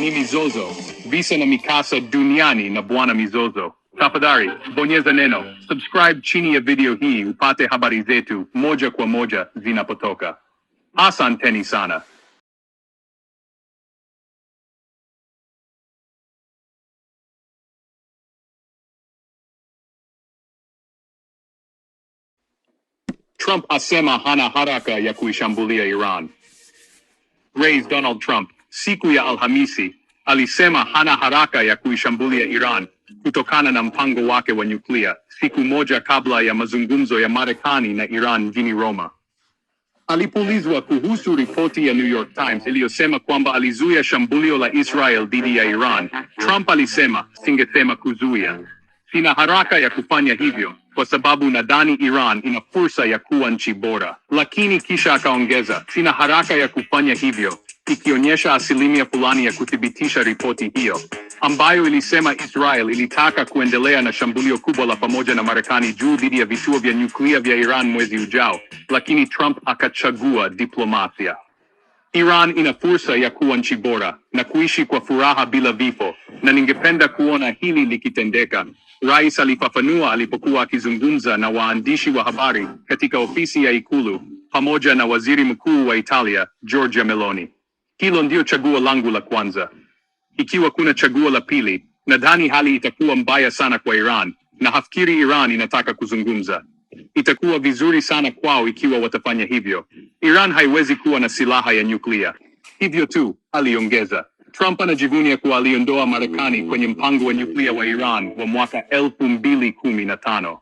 ni mizozo, visa na mikasa duniani na Bwana Mizozo. Tafadhali bonyeza neno subscribe chini ya video hii upate habari zetu moja kwa moja zinapotoka. Asanteni sana. Trump asema hana haraka ya kuishambulia Iran. Rais Donald Trump siku ya Alhamisi alisema hana haraka ya kuishambulia Iran kutokana na mpango wake wa nyuklia, siku moja kabla ya mazungumzo ya Marekani na Iran mjini Roma. Alipoulizwa kuhusu ripoti ya New York Times iliyosema kwamba alizuia shambulio la Israel dhidi ya Iran, Trump alisema, singesema kuzuia, sina haraka ya kufanya hivyo kwa sababu nadhani Iran ina fursa ya kuwa nchi bora, lakini kisha akaongeza, sina haraka ya kufanya hivyo ikionyesha asilimia fulani ya kuthibitisha ripoti hiyo ambayo ilisema Israel ilitaka kuendelea na shambulio kubwa la pamoja na Marekani juu dhidi ya vituo vya nyuklia vya Iran mwezi ujao, lakini Trump akachagua diplomasia. Iran ina fursa ya kuwa nchi bora na kuishi kwa furaha bila vifo, na ningependa kuona hili likitendeka, rais alifafanua alipokuwa akizungumza na waandishi wa habari katika ofisi ya Ikulu pamoja na waziri mkuu wa Italia Giorgia Meloni. Hilo ndio chaguo langu la kwanza. Ikiwa kuna chaguo la pili, nadhani hali itakuwa mbaya sana kwa Iran, na hafikiri Iran inataka kuzungumza. Itakuwa vizuri sana kwao ikiwa watafanya hivyo. Iran haiwezi kuwa na silaha ya nyuklia, hivyo tu, aliongeza. Trump anajivunia kuwa aliondoa Marekani kwenye mpango wa nyuklia wa Iran wa mwaka elfu mbili kumi na tano.